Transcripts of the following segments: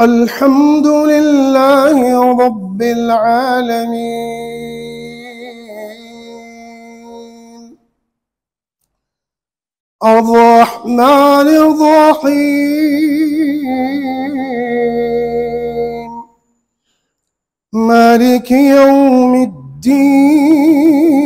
الحمد لله رب العالمين الرحمن الرحيم مالك يوم الدين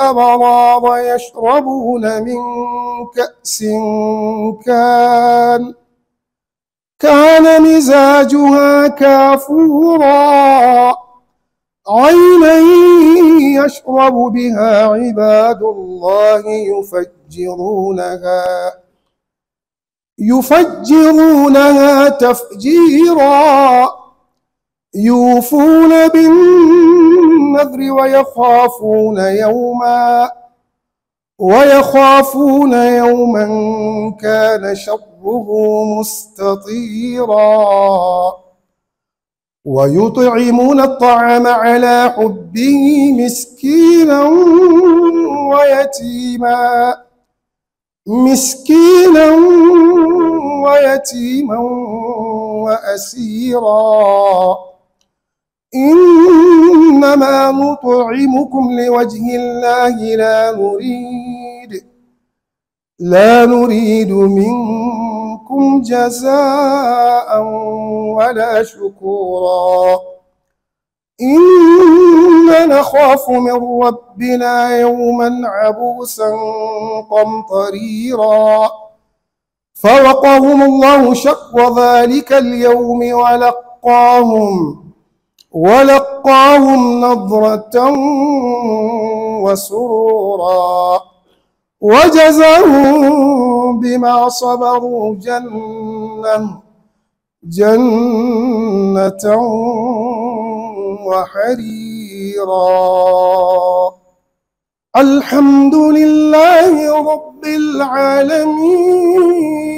الأبرار يشربون من كأس كان كان مزاجها كافورا عينا يشرب بها عباد الله يفجرونها يفجرونها تفجيرا يوفون بالنذر ويخافون يوما ويخافون يوما كان شره مستطيرا ويطعمون الطعام على حبه مسكينا ويتيما مسكينا ويتيما وأسيرا إنما نطعمكم لوجه الله لا نريد لا نريد منكم جزاء ولا شكورا إنا نخاف من ربنا يوما عبوسا قمطريرا فوقهم الله شق ذلك اليوم ولقاهم ولقاهم نظرة وسرورا وجزاهم بما صبروا جنة جنة وحريرا الحمد لله رب العالمين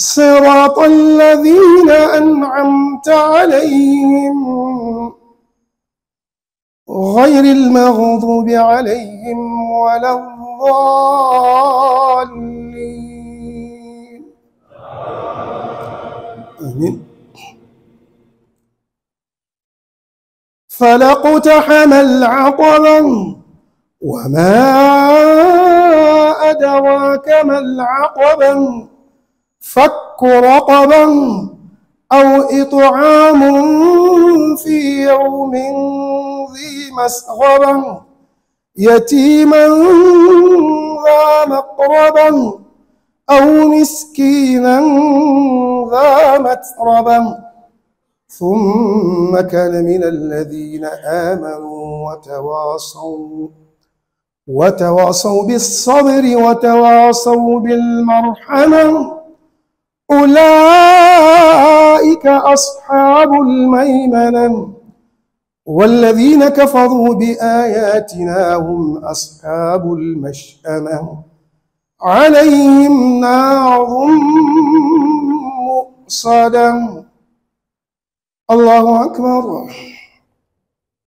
صراط الذين أنعمت عليهم غير المغضوب عليهم ولا الضالين آمين فلقتحم العقبة وما أدراك ما العقبة فك رقبا أو إطعام في يوم ذي مسغبا يتيما ذا مقربا أو مسكينا ذا متربا ثم كان من الذين آمنوا وتواصوا وتواصوا بالصبر وتواصوا بالمرحمة أولئك أصحاب الميمنة والذين كفروا بآياتنا هم أصحاب المشأمة عليهم نار مؤصدة الله أكبر